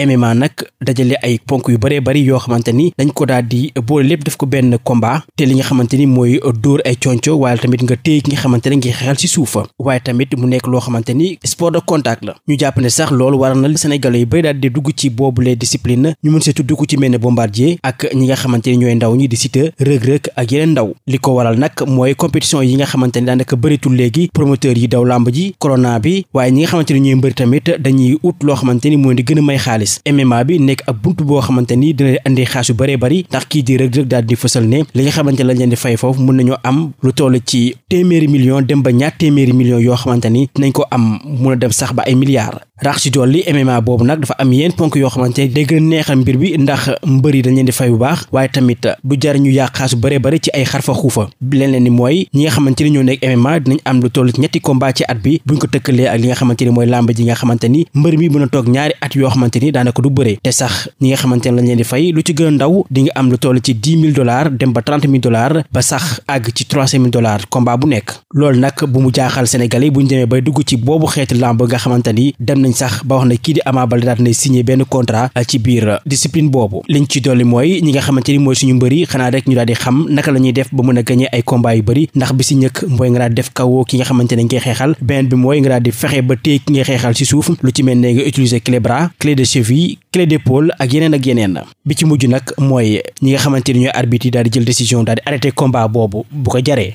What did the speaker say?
MMA nag dajale ay ponk yu bëree bëri yoo xamante ni dañ ko daal di boole lépp def ko benn combat te li nga xamante ni mooy dóor ay conco waaye tamit nga téye ki nga xamante ne ngi xeexal si suufa waaye tamit mu nekk loo xamante ni sport de contact la ñu jàpp ne sax loolu waral na Sénégalais yu bëri daal di dugg ci boobule discipline ñu mën see tudd ku ci mel ne Bombardier ak ñi nga xamante ni ñooy ndaw ñi di Siteu Reug Reug ak yeneen ndaw li ko waral nag mooy compétition yi nga xamante ni daanaka bëritul léegi promoteur yi daw làmb ji corona bi waaye ñi nga xamante ni ñooy mbëri tamit dañuy ut loo xamante ni mooy di gën a may xaalis bi nekk ak bunt boo xamante ni dina indi xaas yu bëree bëri ndax kii di rëg-rëg daal di fësal ne li nga xamante lañ leen di fay foofu mun nañoo am lu toll ci téeméeri million dem ba ñaar téeméeri million yoo xamante ni dinañ ko am mun a dem sax ba ay milliards rax ci dolli MMA boobu nag dafa am yenn ponk yoo xamante ne day gën neexal mbir bi ndax mbër yi dañ leen di fay bu baax waaye tamit du jar ñu yàq xaasu bëree ci ay xarfa xuufa leneen mooy ñi nga xamante ñoo nekk MMA dinañ am lu toll ci ñetti combat ci at bi buñ ko tëkkalee ak li nga xamante ni mooy làmb ji nga xamante ni mbër mi mën a toog ñaari at yoo xamante ni daanaka du bëree te sax ñi nga xamante ni leen di fay lu ci gën a ndaw di nga am bu nekk loolu nag bu mu jaaxal sénégalais sax ba wax na kii di Ama Baldé daat nay benn contrat euh, ci biir euh, discipline boobu liñ ci dolli mooy ñi nga xamante ni mooy suñu mbëri xanaa rek ñu daal di xam naka la ñuy def ba mën a gagné ay combat yu bëri ndax bi si ñëkk mooy nga daal di def kawoo ki nga xamante ne ngay xeexal beneen bi mooy nga daal di fexe ba téye ki ngay xeexal si suuf lu ci mel ne nga utiliser clé bras clé de cheville clé d'épaule ak yeneen ak yeneen bi ci mujj nag mooy ñi nga xamante ni ñooy arbitre yi daal di jël décision daal di arrêté boobu bu ko jaree